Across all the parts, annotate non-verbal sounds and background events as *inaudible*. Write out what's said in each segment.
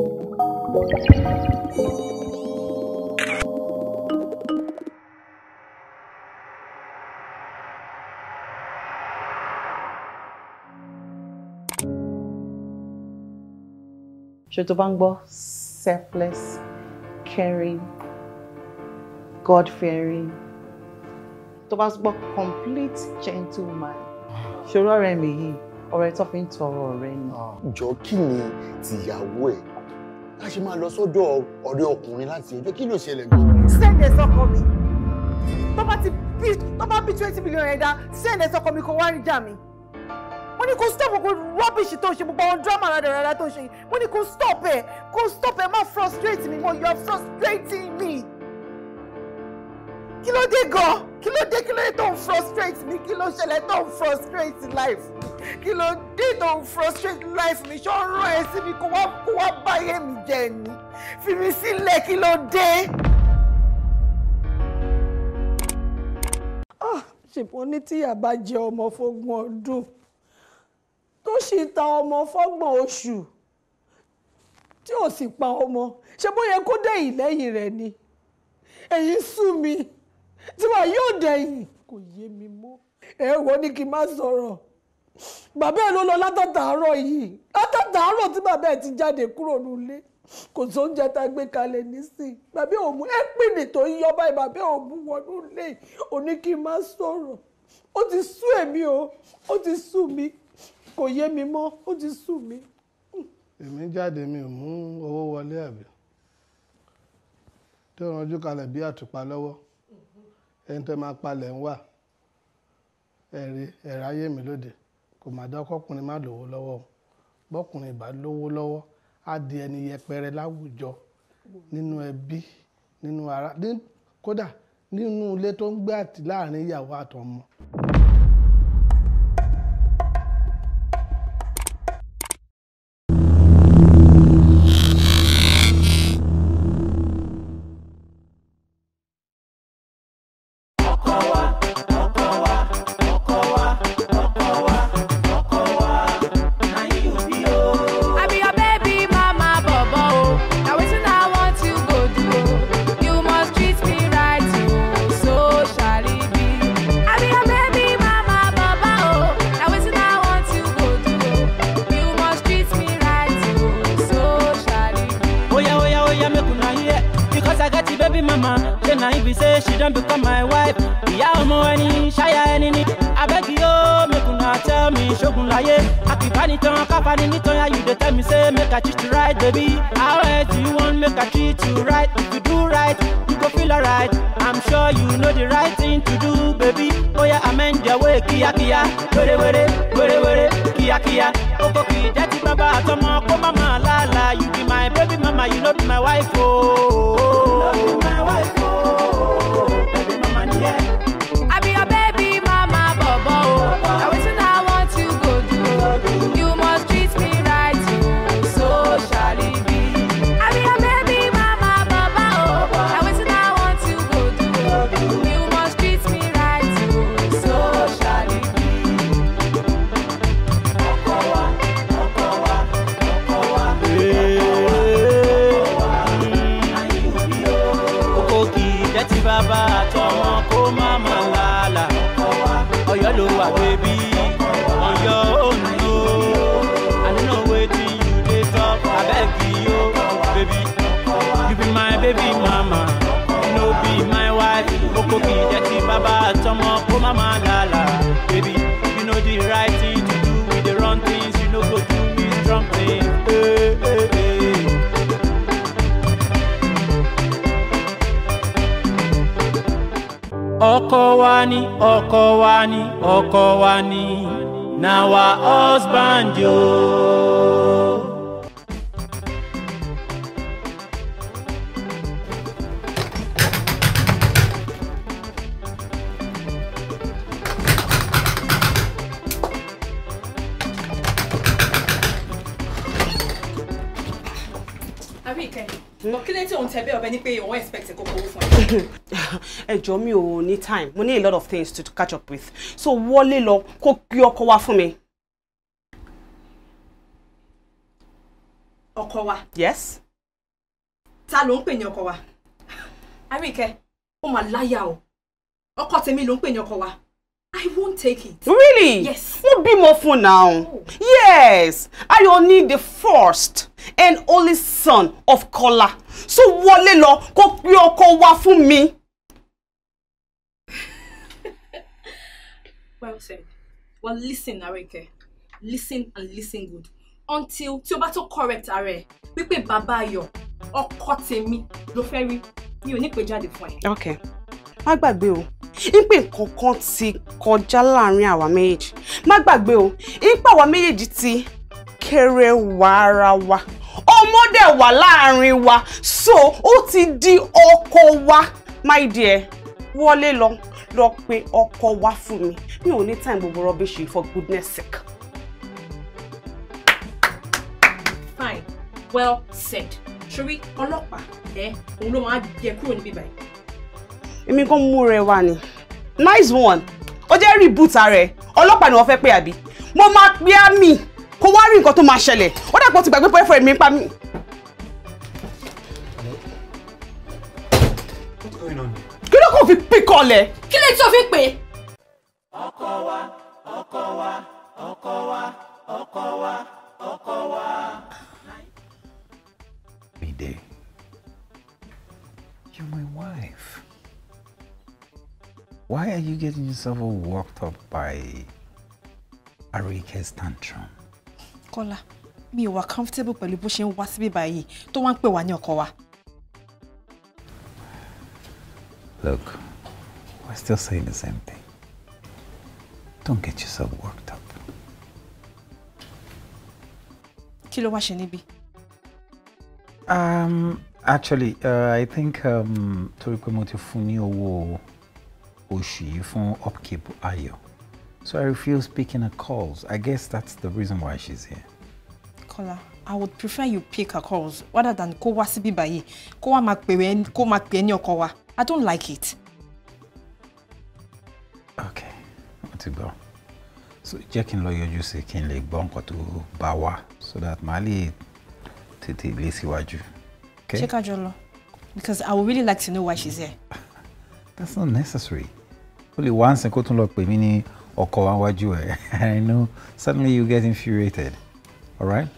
ṣe tó bá selfless caring God-fearing tó complete gentleman ṣòro ọ̀rẹ́ mi yìí ọ̀rẹ́ or fi ń tọrọ ọ̀rẹ́ ni. jọ kí ni tìyàwó ẹ̀ a ṣe máa lọ sọ́dọ̀ ọ̀rẹ́ ọkùnrin láti ẹjọ́ kí ló ṣẹlẹ̀ gan. send ẹ sọkọ mi tó bá ti bí tó bá bí twenty million ẹ̀dá send ẹ sọkọ mi kó wá rí jà mi mo ní kó stop gbogbo rubbish tó ń ṣe gbogbo àwọn drama rádaràdà tó ń ṣe mo ní kó stop ẹ kó stop ẹ má frustrate mi mo you are frustrating me kí ló dé gan kí ló dé kí ló dé tó ń frustrate mi kí ló ṣẹlẹ̀ tó ń frustrate life kí ló dé tó frustrate life mi ṣọ́ọ́rọ́ ẹ síbi kó wá kó wá báyé mi jẹ ni fi mi sílẹ̀ kí ló dé. Ah, ṣùgbọ́n ní tí ìyá jẹ ọmọ fọ́gbọ̀n ọdún tó sì ta ọmọ fọ́gbọ̀n oṣù tí ò sì pa ọmọ ṣe bó yẹ kó dẹ̀yìn lẹ́yìn rẹ̀ ni èyí sú mi tí wàá yóò dẹ̀yìn kò yé mi mọ́ ẹ wo ni kí n má sọ̀rọ̀ bàbá ẹ ló lọ látàtàárọ̀ yìí látàtàárọ̀ tí bàbá ẹ ti jáde kúrò nílé kò sóúnjẹ tá a gbé kalẹ̀ nísìn bàbá òmu ẹ pìnì tó ń yọ báyìí bàbá òmu wọnú ilé ò ní kí n má sọ̀rọ̀ ó ti sú èmi o ó ti sú mi kò yé mi mọ́ ó ti sú mi. èmi jáde mi ò mú owó wọlé àbí tó ranjú kalẹ̀ bí àtùpà lọ́wọ́ ẹni tó máa palẹ̀ ń wà ẹ̀rí ẹ̀ráyé mi lóde kò má dá ọkọkùnrin má lówó lọ́wọ́ bọ́kùnrin bá lówó lọ́wọ́ á di ẹni yẹpẹrẹ láwùjọ nínú ẹbí nínú ara kódà nínú ilé tó ń gbé àti láàrin ìyàwó àtọmọ and if be say she don't become my wife. Yeah, I'm any shy any. I beg you, make not tell me, show shogun laye. Aki paniton, kafani niton, yeah, you dey tell me say make I treat you right, baby. How else you want make I treat you right? If you do right, you go feel alright. I'm sure you know the right thing to do, baby. Oh yeah, amend your way, kia kia, were were, were were. kíákíá oko kì í jẹ́ ti bàbá àtọmọ kó má máa láàlà you be my baby mama you no be my wife ooo. Oh. you no be my wife ooo. Oh. ọkọ wa ni ọkọ wa ni ọkọ wa ni na wa husband o. Àbíkẹ́, ọ̀kílẹ̀ hmm? tí òun tẹ̀ bẹ́ẹ̀ ọbẹ̀ ni pé òun expect kókó fún ẹ. *laughs* ẹjọ́ mi ò ní time mo ní a lot of things to catch up with so wọlé lọ kó gbé ọkọ wá fún mi. ọkọ wa. yes. ta ló ń pè ní ọkọ wa. àríkẹ́ ó mà láyà o ọkọ tèmi ló ń pè ní ọkọ wa. I won't take it. Really? Yes. be more fun now. Oh. Yes. need the first and only son of Kọ́lá. So what lọ kó pe ọkọ wá fún mi. well said well listen Arike listen and listen good until tí o bá tó correct ara ẹ pípé bàbá ayọ̀ ọkọ tèmi ló fẹ́ rí mi ò ní pè jáde fún ẹ. ok má gbàgbé o ìpè kankan ti kọjá láàrin àwa méjèèjì má gbàgbé o ìpè àwa méjèèjì ti kéré wà wa ọmọdé wà láàrin wa so ó ti di ọkọ wa my dear wọlé lọ. lọ pe ọkọ wá fún mi mi ò ní time gbogbo rubbish yìí for goodness sake. fine well said ṣorí ọlọpàá ẹ òun ló máa jẹ kúrò níbí báyìí. èmi gan mú rẹ wá ni nice one ó jẹ́ reboot ara ẹ̀ ọlọ́pàá ni wọ́n fẹ́ pé àbí mo máa pe á mi kó wá rí nǹkan tó máa ṣẹlẹ̀ ó dàpọ̀ ti gbàgbé boyfriend mi pa mí. kò fi píkọ kí lè tó fi pè. ọkọ wa ọkọ wa ọkọ wa ọkọ wa ọkọ wa. Mide, you're my wife. Why are you getting yourself all worked up by Arike's tantrum? Kola, mi ò wà comfortable pẹ̀lú bó ṣe ń wá síbí báyìí tó wá ń pè wá ní ọkọ wa. Look, I still say the same thing. Don't get yourself worked up. Kilo ló wá Um, actually, uh, I think um, torí pé mo ti fún ní upkeep ayo, So I refuse picking her calls. I guess that's the reason why she's here. Kola, I would prefer you pick her calls rather than kó wá síbí báyìí. Kó wá máa pè é, kó máa wa. I don't like it. Okay, mo ti gbọ́. So jẹ́ kí n lọ yọjú sí kí n lè gbọ́ nǹkan tó bá wá so that màá lè tètè lé síwájú. Ṣé ká jọ lọ? Because I would really like to know why she's here. *laughs* That's not necessary. O lè wá ń sin kó tún lọ pè mí ní ọkọ wájú ẹ̀. *laughs* I know suddenly you get infuriated. Alright?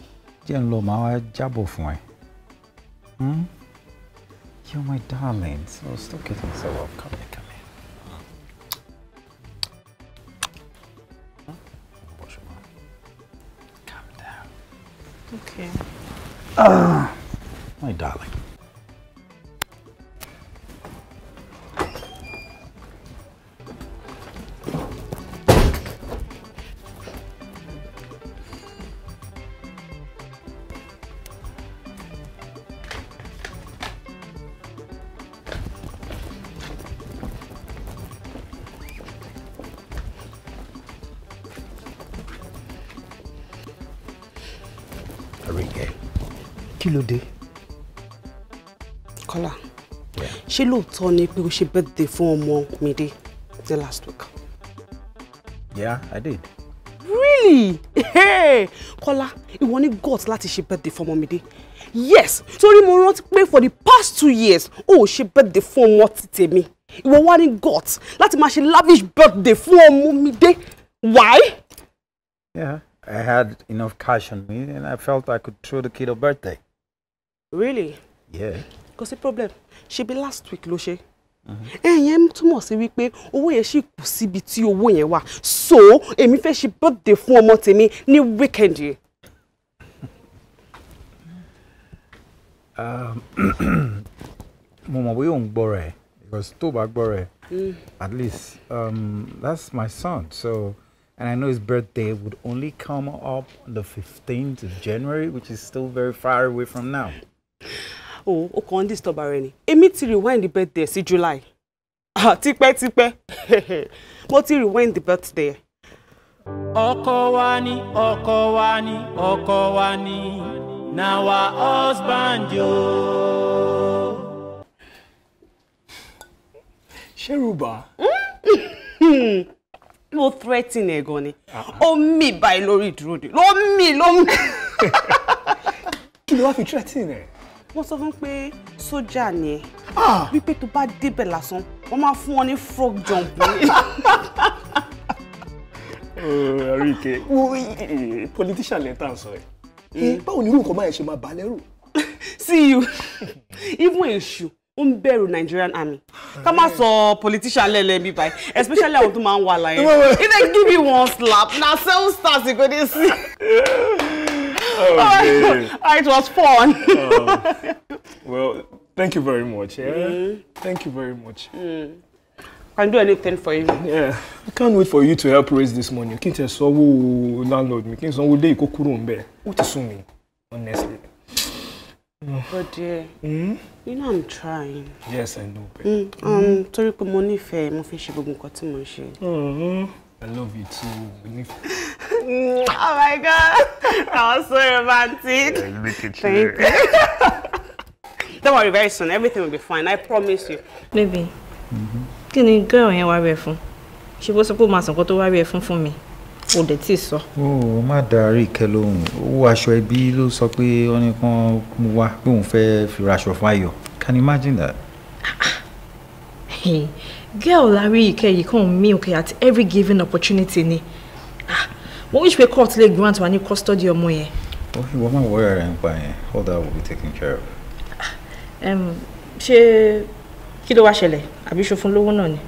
Jẹ́ n lọ màá wá jábọ̀ fún ẹ. Hmm? You're my darling, so stop getting so off. Come here, come here. Huh? Wash your mouth. Calm down. Okay. Ah, my darling. kí ló dé. Kọ́lá ṣé lóòótọ́ ni pé o ṣe birthday fún ọmọ mi dé the last week. Yeah, I did. Really? Hey! Kọ́lá ìwọ ní gut láti ṣe birthday fún ọmọ mi dé yes torí mo rántí pé for the past two years o ò ṣe birthday fún ọmọ ti tèmi ìwọ wá ní gut láti máa ṣe lavish birthday fún ọmọ mi dé why. Yeah, I had enough cash on me and I felt I could throw the kid a birthday really yeah kò sí problem ṣe bí last week ló ṣe uh-huh. ẹ̀yẹn túmọ̀ sí wípé owó yẹn ṣì kù síbi tí owó yẹn wà so èmi fẹ́ ṣe birthday fún ọmọ tèmi ní weekend yìí. Um, *clears throat* mo mọ̀ bóyá òun gbọ́ rẹ̀ because tó bá gbọ́ rẹ̀ mm. at least um, that's my son so and I know his birthday would only come up on the fifteenth of January which is still very far away from now. *laughs* o oh, ó kàn ń disturb ara ẹni èmi ti rewind the birthday sí July Ah, tipẹ́tipẹ́ *laughs* mo ti rewind the birthday. ọkọ wa ni ọkọ wa ni ọkọ wa ni na wa husband yoo. ṣerúbà. Hmm? ló *laughs* threatening ẹ gan ni ó mì báyìí lórí ìdúró de ló mì ló mì. kí ló wá fi threatening ẹ wọ́n sọ fún pé sójà ni ẹ ah! wípé tó bá débẹ̀ lásán wọ́n máa fún wọn ní frog jump ni. Àríkẹ́ *laughs* oh, wo politician lẹ́tà ń sọ ẹ̀ hmm, báwo ni irú nǹkan báyẹn ṣe máa bà á lẹ́rù. *laughs* see you even èṣù ó ń bẹ̀rù Nigerian army ká má sọ politician lẹ́lẹ́ bí báyìí especially àwọn tó máa ń wà láyé *laughs* if they give you one slap na seven stars you go dey see oh, *laughs* oh, it was fun. Uh, *laughs* well, thank you very much. Yeah? Mm. Thank you very much. Mm. can do anything for you. Yeah. I can't wait for you to help raise this money. Kí n tẹ sanwó landlord mi, kí n sanwó ilé ìkó kúrò ń bẹ̀. Ó honestly. But oh, dear, mm? you know I'm trying. Yes, I know. Mm, um, torí for money fair. mo fi ṣe gbogbo nǹkan tí mo ń ṣe. Mm-hmm. I love you too. *laughs* oh my god, that was so romantic. Yeah, make it Thank you. *laughs* Don't worry, very soon everything will be fine. I promise you. Maybe. Can you go and wá rẹ fún? Ṣé bó sọ pé ó máa sàn kó tó wá rẹ fún fún Oh, O dẹ̀ tí ì sọ. Ó má darí ìkẹ́ lóhùn. Owó aṣọ ẹbí ló sọ pé ọ́nì kan mú wá Can you imagine that? Hey. *laughs* girl Lariyike yìí kàn mí òkè at every given opportunity ni wọ́n ah, wíṣ pé court lè grant wa ní custody ọmọ yẹn. ìwọ máa wọ ẹ̀rẹ̀ ń pa yẹn all that will be taken care of. Ah, ṣé kí ló wá ṣẹlẹ̀ àbí ṣòfin lówó náà ni.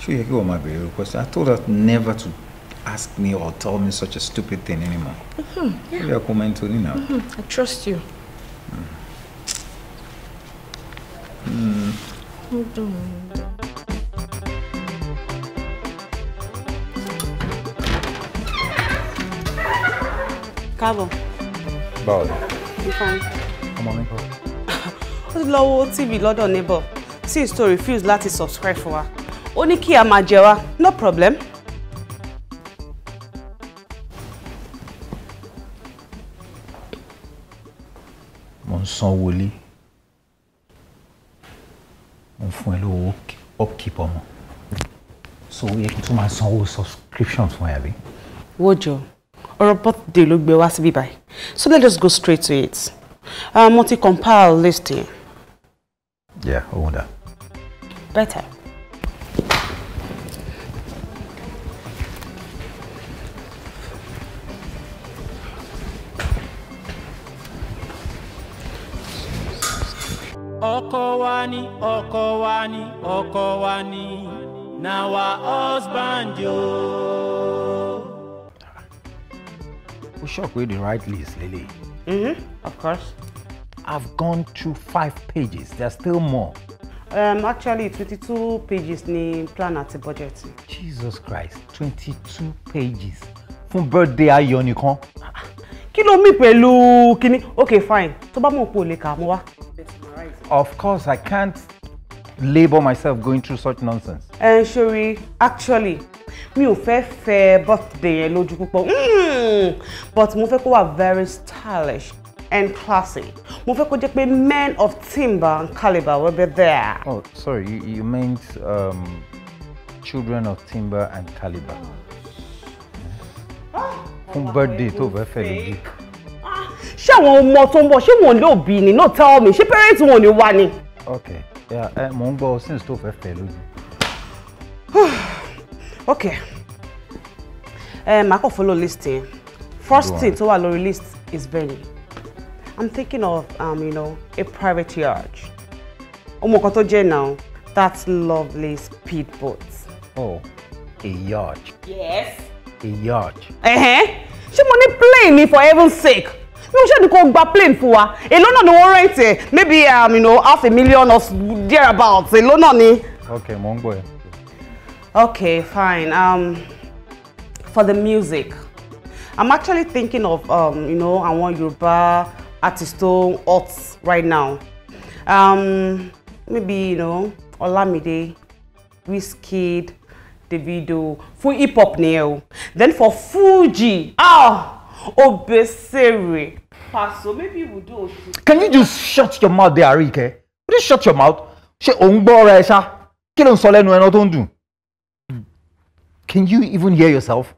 ṣé yẹ kí wọ́n máa béèrè question I told her never to ask me or tell me such a stupid thing anymore. Mm-hmm, yeah. Maybe I comment to now. I trust you. Mm. Mm. káàbọ̀. báwo ni. ọmọ mi kọ́. *laughs* ó ti lọ wo tv lọ́dọ̀ neighbor since to refuse láti subscribe fún wa ó ní kí a máa jẹ wá no problem. mo ń san owó lé mo ń fún ẹ lówó upkeep ọmọ so ó yẹ kí n tún máa sanwó subscription fún ẹ àbí. wọ́jọ́ ọ̀rọ̀ birthday ló gbé wá síbí báyìí so let us go straight to it uh, mo ti compile listing. yeah ohun da. better. ọkọ wa ni now wa husband you sure pé the right list Lily. Mm-hmm, of course. I've gone through five pages there's still more. Um, actually twenty-two pages ni plan the budget. Jesus Christ 22 pages fún birthday are you on ló mì pẹ̀lú kínní okay fine tó bá mọ̀ pé o lè kà á mú Of course I can't Label myself going through such nonsense. ẹ ń ṣorí actually mi ò fẹ́ fẹ́ birthday yẹn lójú púpọ̀ hmm, but mo fẹ́ kó wà very stylish and classy mo fẹ́ kó jẹ́ pé men of timber and calibre will be there. oh sorry you, you meant um, children of timber and calibre. Ah, fún birthday tó fẹ́ fẹ́ lójú. Ah, ṣé àwọn ọmọ tó ń bọ̀ ṣé wọn ò lóòbí ni no tell me ṣé parents wọn ò ní wá ni. okay. Yeah, mò ń gbọ́ since tó fẹ́ fẹ́ Okay. ok eh, màá kàn follow list yẹn first thing tó wà lórí list is venue i'm thinking of um, you know, a private yard ọmọ kan tó jẹ́ now that's lovely speedboat. oh a yacht. yes. a yacht. ṣé She money plane ni for heaven's sake mi ò ṣe ni kò gba plane fún wa èló náà ni wọ́n rent ẹ̀ maybe um, you know, half a million or thereabouts èló náà ni. ok mo ń gbọ́ ẹ. ok fine um, for the music i'm actually thinking of um, you know, àwọn Yorùbá artist tó hot right now um, maybe you know, Olamide Wizkid Davido fún hip hop nìyẹn o then for Fuji ah. Oh, Obesere. Pastor, maybe we do Can you just shut your mouth there, Arike? please shut your mouth? Ṣé ò ń gbọ́ ọ̀rọ̀ ẹ Kí ló ń sọ lẹ́nu ẹran tó ń dùn? Can you even hear yourself?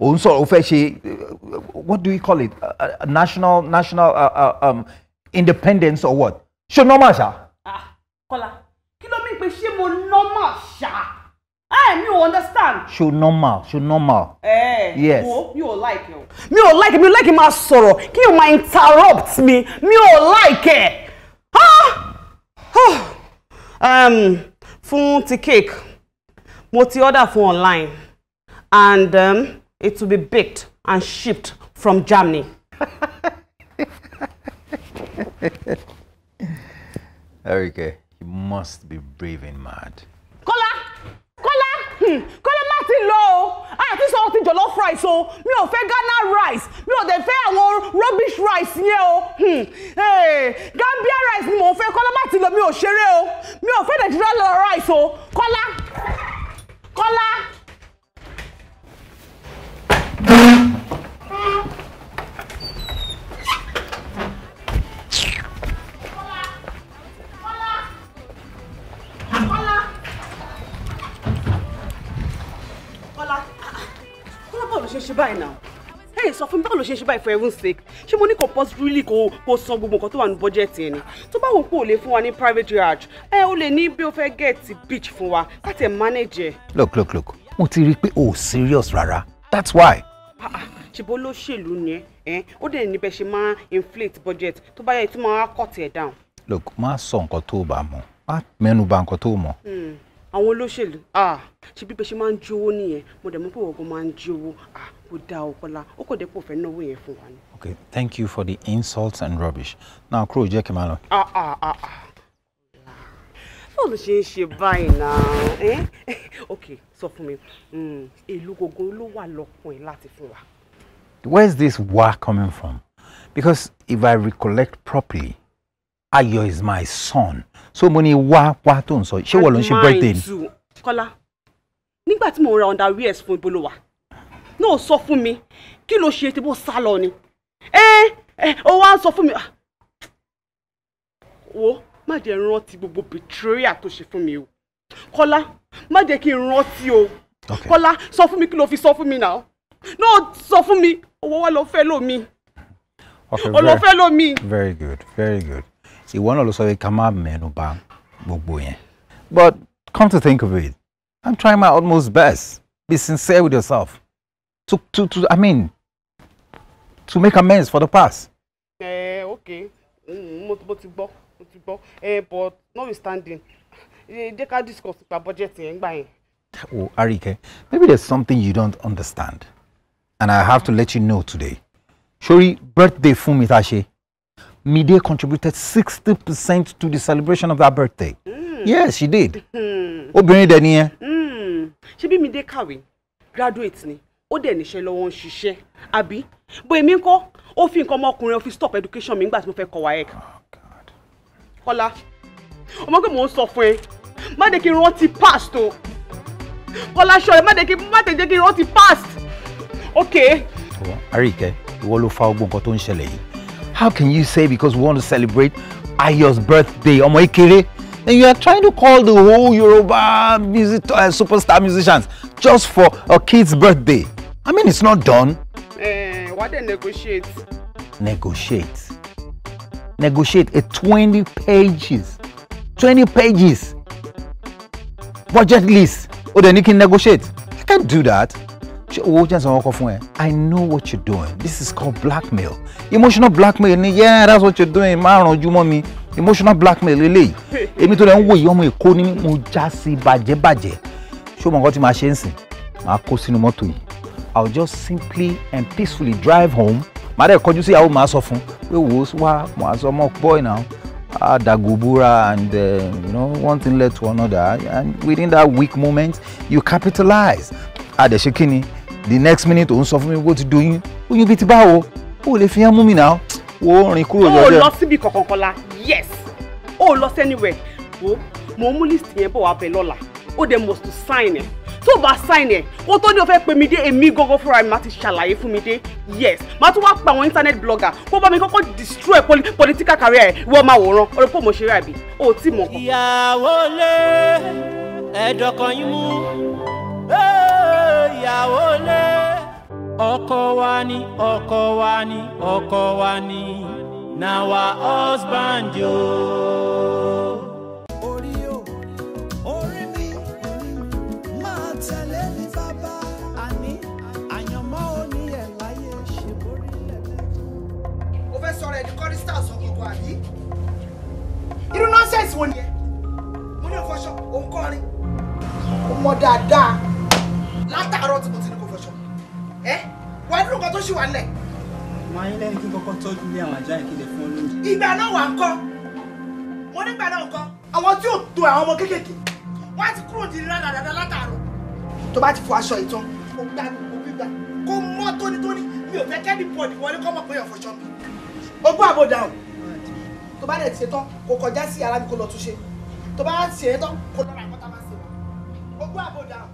Ò ń sọ̀rọ̀ o fẹ́ ṣe uh, what do we call it? Uh, uh, national national uh, uh, um, independence or what? Ṣé normal ṣá? Ah, Kọ́lá, kí ló mí pé ṣé mo normal ṣá? ẹ mi understand. ṣo normal ṣo normal. ẹ eh, Yes. wo mi ò like o. mi ò like mi ò like máa sọ̀rọ̀ kí o máa interrupt mi mi ò like ẹ. um, fún ti cake mo ti order fún online and um, it will be baked and shipped from Germany. *laughs* Erike, you must be brave and mad. Hmm, kọ́lá má ti lọ o àti sọ ti jollof rice o mi ò fẹ́ ghana rice mi ò dẹ̀ fẹ́ àwọn rubbish rice yẹn o hmm, gambia rice ni mò ń fẹ́ kọ́lá má ti lọ mi ò ṣeré o mi ò fẹ́ nigeria rice o kọ́lá kọ́lá. báyìí náà ẹ sọ fún mi báwo ló ṣe ṣe báyìí for heaven's sake ṣé mo ní kò possibly kò kò san gbogbo nǹkan tó wà ní bọ́jẹ̀tì ẹni tó bá wò pé o lè fún wa ní private yard. ẹ o lè ní bí o fẹ́ gẹ̀ẹ́tì beach fún wa láti ẹ̀ manage ẹ̀. look look look mo ti rí i pé o ò serious rárá that's why. Ah, ah, ṣèbó olóṣèlú ni ẹ ó dẹ̀ níbẹ̀ ṣe máa inflate budget tó bá yẹ tó máa cut ẹ̀ down. look má sọ nǹkan tó o bá mọ̀ má mẹ́nu bà nǹkan tó o mọ̀ hmm, àwọn olóṣèlú ah, ṣe bí bẹ́ẹ̀ ṣe máa ń jówó nìyẹn mo dẹ̀ mọ̀ pé òògùn máa ń jówó okay thank you for the insults and rubbish now crew, jẹ́ kí Ah ah ah ah. ló ṣe ń ṣe báyìí náà eh? *laughs* okay sọ fún mi hmm, èlò gbogbo ló wà lọ́kùn ẹ̀ láti fún wa. where is this wa coming from because if i recollect properly Ayo is my son so mo ní wa wá tó ń sọ ṣé wọ́n lọ ń ṣe birthday ni. Kọ́lá nígbà tí mo ra underwears fún ibolo náà sọ fún mi kí ló ṣe tí bó sá lọ ni ẹ ẹ ó wá ń sọ fún mi ah, wo má jẹ́ rántí gbogbo betrayal tó ṣe fún mi o Kọ́lá má jẹ́ kí n rántí o Kọ́lá sọ fún mi kí ló fi sọ fún mi náà náà sọ fún mi owó wa lọ fẹ́ lómi ọlọfẹ lómi. very good very good ìwọ náà ló sọ pé ká má mẹ́nu bà gbogbo yẹn but come to think of it i'm trying my utmost best be sincere with yourself to to to I mean to make amends for the past. ẹ uh, eh, okay mm, mo mm, ti gbọ́ mo ti gbọ́ ẹ eh, but notwithstanding eh, jẹ́ ká discuss nípa budget yẹn gbà yẹn. oh Arike maybe there's something you don't understand and I have to let you know today sori birthday fún mi ta ṣe Mide contributed sixty percent to the celebration of that birthday. Mm. yes she did. Hmm. obìnrin dẹ̀ nìyẹn. Hmm. ṣebí Mide kàwé graduate ni ó dẹ̀ níṣẹ́ lọ́wọ́ ń ṣiṣẹ́ àbí bó èmi ń kọ́ ó fi nǹkan ọmọkùnrin ó fi stop education mi nígbà tí mo fẹ́ kọ́ WAEC. kọ́lá ọmọ pé mò ń sọ fún ẹ má dé kí n rántí past o kọ́lá ṣọlẹ̀ má dé kí má dé kí n rántí past ok. àríkẹ́ ìwọ ló fa gbogbo nǹkan tó ń ṣẹlẹ̀ yìí how can you say because we want to celebrate Ayọ̀'s birthday ọmọ Ikere and you are trying to call the whole Yoruba music uh, superstar musicians just for a kid's birthday. I mean, it's not done. Eh, uh, why they negotiate? Negotiate. Negotiate a 20 pages. 20 pages. Budget list. Oh, then you can negotiate. I can't do that. I know what you're doing. This is called blackmail. Emotional blackmail. Yeah, that's what you're doing. márùn you mommy. Emotional blackmail eléyìí. *laughs* Èmi tó lẹ́ ń wòye ọmọ Èkó ni mo já sí bàjẹ́bàjẹ́. Ṣé o mọ̀ nǹkan tí màá ṣe ń sìn? i will just simply and peacefully drive home Madam, dẹ̀ kọjú sí ìyàwó màá sọ fún pé wò ó wá màá sọ ọmọ boy now adagobura and uh, you know one thing led to another and within that weak moment you capitalize adẹ̀ṣe kínni the next minute òun sọ fún mi bó ti doyún oyún bíi ti báwo ó lè fi hàn mú mi náà ó rìn kúrò lọ́jọ́. ó lọ síbi kọ̀kọ̀kọ̀la yes ó lọ sẹ́niwẹ̀ wo mo mú list yẹn bọ̀ wá bẹ̀ lọ́la ó dẹ̀ must sign it tó bá sign ẹ̀ kó tó ní o fẹ́ pè mí dé èmi gangan fúnra mi máa ti ṣàlàyé fún mi dé yes máa tún wá pa àwọn internet blogger kó bá mi kọ́kọ́ destroy political career ẹ̀ wọ́n máa wòran ọ̀rọ̀ pò mo ṣe rà o tí mọ̀ kọ́. ìyàwó lé ẹ̀dọ̀kan yín mú ìyàwó lé ọkọ wa ni ọkọ wa ni ọkọ wa ni na wa husband yoo. tẹ̀lé ní bàbá àní àyànmọ́ òní ẹ̀ láyé ṣe borí lẹ́lẹ́. o fẹ́ sọ̀rọ̀ ẹ̀ ní kọ́rísítà sọ̀kọ̀kọ̀ àbí? irú nọ́ọ̀sẹ̀sì wo nìyẹn? mo ní òfọṣọ òun kọrin. o mọ dáadáa látàárọ̀ tí mo ti ní kò fọṣọ ẹ wà á dúró nǹkan tó ṣì wà nílẹ̀. màá yín lẹ́yìn kí kọ́kọ́ tọ́jú ilé àwọn ajá ìkéde fún olóúnjẹ. ìgbà náà wà ń kọ́ mo nígbà náà ń kọ́ àwọn tí ò to àwọn ọmọ kéékèèké wọ́n á ti kúrò ní rádàrádà látàárọ̀ tó bá ti fọ aṣọ ìtàn kò gbá kò gbígbá kò mọ́ tónítóní mi ò fẹ́ kẹ́ni bọ̀dì wọlé kọ́ mọ̀ pé ọ̀fọ̀ ṣọ́ mi ogún àbòdà o tó bá dẹ̀ ti ṣetán kò kọjá sí ara mi kó lọ tún ṣe tó bá ti ṣetán kó lọ́ra àkọ́tà máa ṣe wọ́n ogún àbòdà o.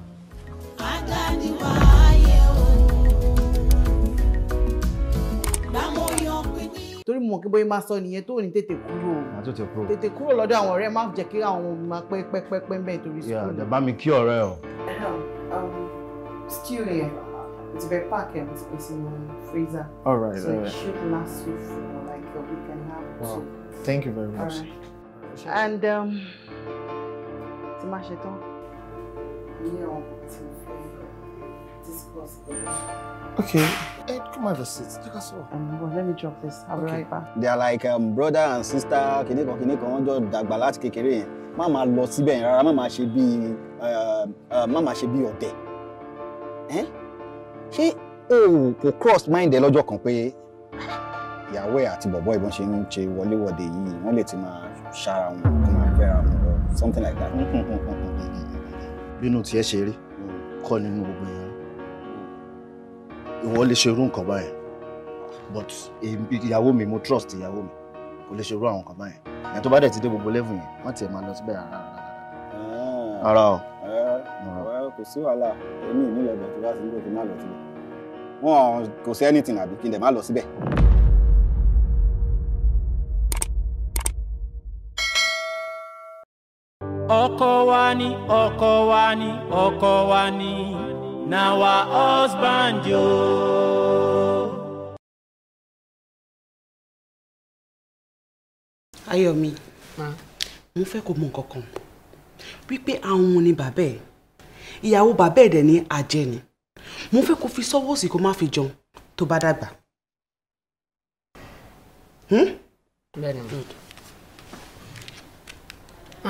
àdáni wà á yẹ o bámọ́ yọ pé ní. torí mo mọ̀ kí bóyá máa sọ nìyẹn tó ní tètè kúrò tètè kúrò lọ́dọ̀ àwọn ọ̀rẹ́ má jẹ́ kí àwọn ọmọ máa pẹ́ pẹ́ pẹ́ pẹ́ mbẹ́ nítorí sùkúlù. bá mi kí ọ̀rẹ́ o um, stewing. It's very packing. It's in the freezer. All right. So all right. it should last you for like a week and a half. Wow. Two. Thank you very much. All right. And um, ti ma ṣe tán. Okay. Ed, come have a seat. Take us off. Um, well, let me drop this. I'll okay. be right back. They are like um, brother and sister. Kìnìkan kìnìkan wọ́n dagbalat dàgbà Mama kékeré yẹn. Mama máa lọ Um, um, má máa ṣe bí ọ̀tẹ̀ ṣé o kò cross mind ẹ lọ́jọ́ kan pé ìyàwó ẹ àti bọ̀bọ̀ ìbọn ṣe ń ṣe wọléwọ̀de yìí wọ́n lè ti máa ṣara wọn kó máa fẹ́ra wọn something like that. *laughs* bínú tiẹ̀ ṣe rí kọ́ nínú gbogbo yẹn ìwọ lè ṣe irú nǹkan báyẹn but ìyàwó mi mo trust ìyàwó mi kò lè ṣe irú àwọn nǹkan báyẹn ẹ̀ tó bá dẹ̀ ti dé gbogbo level yẹn wọ́n ti ẹ̀ máa lọ síbẹ̀ rárá. Eh, ara o. Eh, eh, kò sí wàhálà èmi ì nílò ẹ̀bẹ̀ tó bá ti ń má lọ síbẹ̀ wọn kò sí anything àbí kí n dẹ̀ má lọ síbẹ̀. ọkọ wa ni ọkọ wa ni ọkọ wa ni na wa husband yoo. Ayọ̀mí mo fẹ́ kó mọ nǹkan kan. wípé àwọn ni bàbá ẹ̀ ìyàwó bàbá ẹ̀ dẹ̀ ní àjẹ́ ni mo fẹ́ kó fi sọ́wọ́ òsì kó má fi jọun tó bá dàgbà. Hmm? bẹ́ẹ̀ni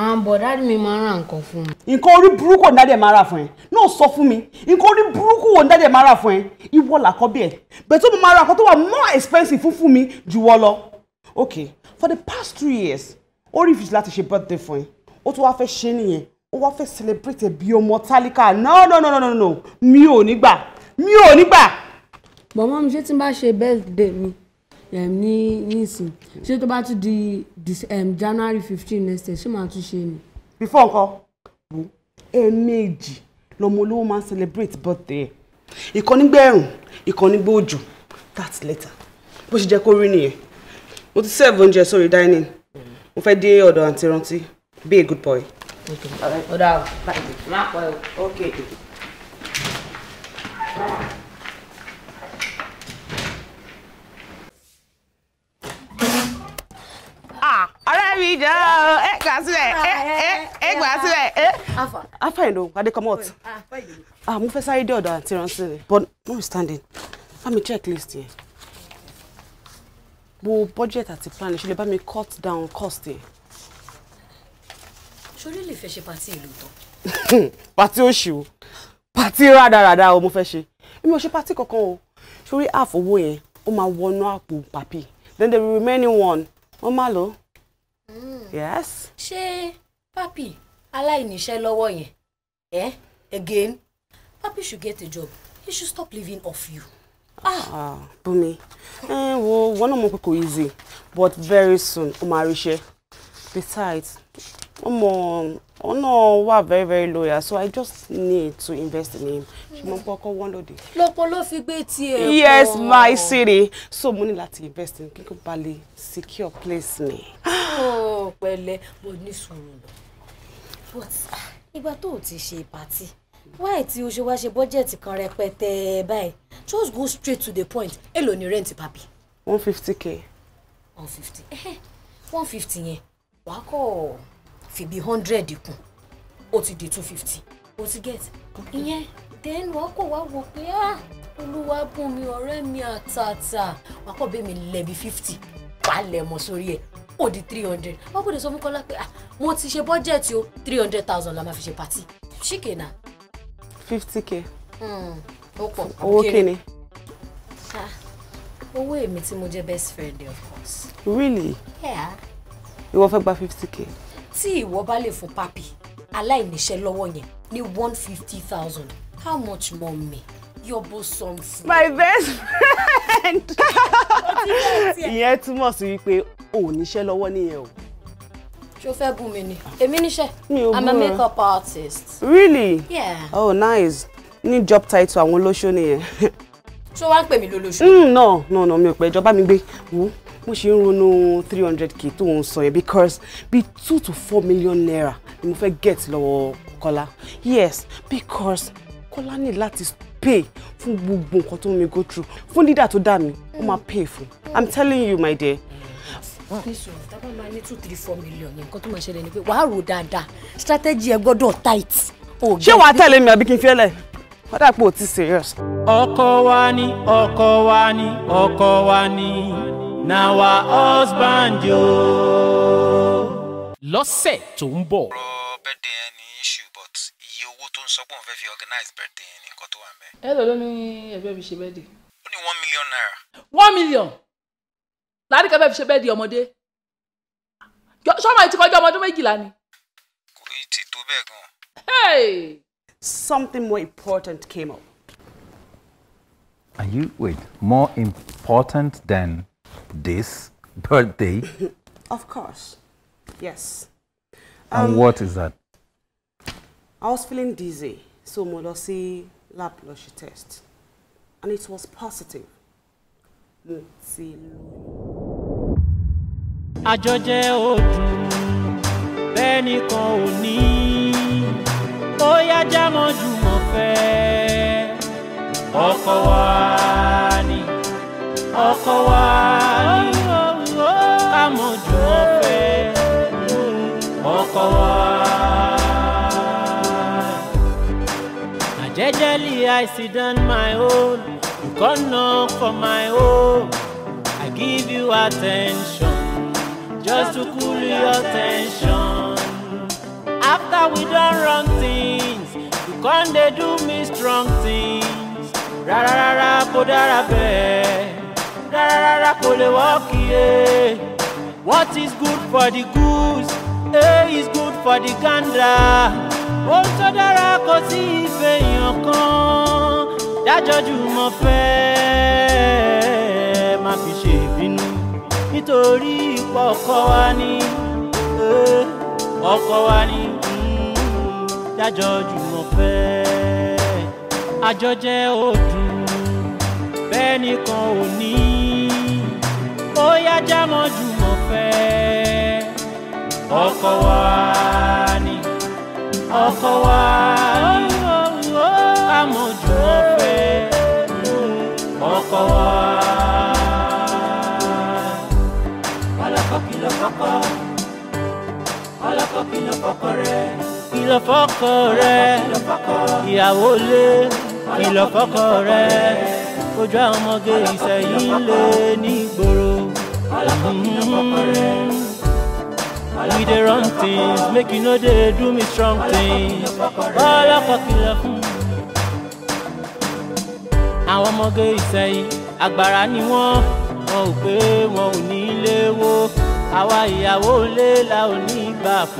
àwọn bọ̀dá mi máa ń ra nǹkan fún mi. nǹkan orí burúkú ò ń dádẹ̀ máa rà fún ẹ náà sọ fún mi nǹkan orí burúkú ò ń dádẹ̀ máa rà fún ẹ ìwọ làkọ́bí ẹ̀ bẹ́ẹ̀ tó mo máa ra nǹkan tó wà more expensive fún fún mi jù wọ́ lọ. ok for the past two years ó rí ìfìsí láti ṣe birthday fún ẹ ó tún wá fẹ́ ṣe nìyẹn ó wá fẹ́ celebrate bí ọmọ tálíkà no no no no no mi ò ní gbà mi ò ní gbà. bọ̀mọ́ mi ṣé tí n bá ṣe birthday mi ní nísìn ṣé tó bá tún di January fifteen next year ṣé màá tún ṣe ni. before nǹkan wo ẹ̀ẹ̀mejì lọmọ olówó máa ń celebrate birthday ẹ̀ ìkànnìgbẹ̀rún ìkànnìgbòjò that's later bó ṣe jẹ́ kó rí nìyẹn mo ti serve oúnjẹ sórí dining mo fẹ́ dé ọ̀dọ̀ àǹtí rántí Be a good boy. Okay. All right. Ó dáa. Má pọ̀ ẹ̀ o. Okay. ọ̀rẹ́ Eh, jọ ẹ gbà sílẹ̀ Eh. gbà ah, sílẹ̀ ah, ẹ. afa yìí ló they come out. ah mo fẹ́ sáré dé ọ̀dọ̀ àti ránṣẹ́ rẹ̀ but standing. Let me check list here. mo budget the plan ṣe lè bá mi cut down cost yẹn ṣorí lè fẹ́ ṣe pàtí ìlú tán. *laughs* pàtí òṣì o pàtí rádaràda o mo fẹ́ ṣe èmi ò ṣe pàtí kankan o ṣorí àfọwọ́ yẹn ó máa wọnú àpò papi. then the remaining one wọ́n máa lo. Hmm. yes. ṣé papi aláìníṣẹ́ lọ́wọ́ yẹn eh again papi should get a job he should stop living off you. Ah. ah Bumi eh, well one of mọ̀ pé kò easy but very soon ó máa ríṣẹ́ besides Oh no! wà very very loyal so i just need to invest in him She ṣùgbọ́n kọ́kọ́ one lòdì. lọ́pọ̀ ló fi gbé tiẹ̀ pọ̀. yes my city so money ní láti invest in kíkọ́ bá lè secure place Me. Oh pẹ̀lẹ́ mo ní sùúrù lọ but ìgbà tó o ti ṣe pàtì why tí o ṣe wá ṣe bọ́jẹ̀tì kan rẹpẹtẹ báyìí just go straight to the point èlò ni rent papi. one fifty k. one fifty one fifty yẹn wàá fi bíi hundred kù ó ti di two fifty ó ti get ìyẹn then wọ́n kò wá wò pé ah olúwa bùn mi ọ̀rẹ́ mi àtàtà wà kọ́ bẹ́ẹ̀ mi lẹ́bi fifty palẹ̀ mọ́ sórí ẹ̀ ó di three hundred wọ́n gbọ́dọ̀ sọ fún Kọ́lá pé ah mo ti ṣe bọ́jẹ̀tì o three hundred thousand la máa fi ṣe pàtì ṣìkè náà. fifty k. Hmm, ó pọ̀ owó kíni. Ah, owó èmi tí mo jẹ́ best friend of course. really. Yeah. ìwọ fẹ́ gba fifty k tí ìwọ bá lè fún papi aláìníṣẹ́ lọ́wọ́ yẹn ní one fifty thousand how much more me your bosom friend. my best friend. *laughs* ìyẹn túmọ̀ sí wípé o ò níṣẹ́ lọ́wọ́ nìyẹn o. ṣé o fẹ́ bù mí ni èmi níṣẹ́ i'm a makeup artist. really? yeah. oh nice ní job title àwọn olóṣó nìyẹn. ṣé wàá ń pè mí lólóṣó. Hmm, no no no mi ò pẹ́ ìjọba mi gbé wò ó mo ṣe ń ronú three hundred k tó ń sọ yẹn because bí two to four million naira ni mo fẹ́ get lọ́wọ́ Kọ́lá yes because Kọ́lá ní láti pay fún gbogbo nǹkan tó ń mi go through fún leader tó dá mi ó máa pay fún i'm telling you my dear nísòro tábà máa ní two three four million yẹn nǹkan tó máa ṣẹlẹ̀ ni pé wàá rò dáadáa strategy ẹ gbọ́dọ̀ tight. ṣé wàá tẹ̀lé mi àbí kí n fi ẹ lẹ̀ wọ́n dà pé o ti serious. ọkọ wa ni ọkọ wa ni ọkọ wa ni na wa husband yo. lọ́sẹ̀ tó ń bọ̀. ọ̀rọ̀ birthday yẹn ni issue but iye owó tó ń sọ pé òun fẹ́ fi organize birthday yẹn ni nǹkan tó wà mẹ́. ẹ lọ ló ní ẹgbẹ́ mi ṣe bẹ́ẹ̀dì. ó ní one million naira. one million láti kẹ́fẹ́ fi ṣe bẹ́ẹ̀dì ọmọdé sọ́mọ ti kọjá ọmọ ọdún méjìlá ni. kò í ti tó bẹ́ẹ̀ gan. Hey! Something more important came up. Are you, wait, more important than this birthday? of course, yes. And um, what is that? I was feeling dizzy, so mo lọ sí lab lọ test and it was positive. Mo ti lóyún. Àjọjẹ òdùn bẹ́ẹ̀ nìkan ò ní ó ọkọ wa ni ká mojú ọ̀fẹ́ ọkọ wa. Jejely, I sit on my own. You come knock for my own. I give you attention, just to cool your tension. After we done wrong things, you can't dey do me strong things. Ra ra ra ra, bẹ́ẹ̀ rárá kò lè wọ́ọ̀kì ẹ̀. what is good for the goose eh, is good for the gander. ohun tó dára kò sí ìfẹ́ èèyàn kan dájọ́ jù mọ́ fẹ́ má fi ṣe ìbínú nítorí ipò ọkọ wa ni eh, ọkọ wa ni hmm, dájọ́ jù mọ́ fẹ́ àjọjẹ ó dùn bẹ́ẹ̀ nìkan ò ní bóyá jámọ́ jùmọ̀ fẹ́ ọkọ wa ni ọkọ wa ni àmọ́ jùmọ̀ fẹ́ ọkọ wa. ọlọ́kọ̀ kìlọ̀ kọ́kọ́ ọlọ́kọ̀ kìlọ̀ kọ́kọ́ rẹ̀. kìlọ̀ fọ́kọ rẹ̀ ìyàwó lé kìlọ̀ fọ́kọ rẹ̀ ojú àwọn ọmọge ìsẹ̀yìn lé nígboro we dey run things make you know they do me strong things wàhálà kọkìlọ̀ fún mi. àwọn ọmọge ìsẹ̀yìn àgbàrá ni wọ́n wọn ò pé wọn ò ní ilé wo àwa ìyàwó ilé la ò ní gbà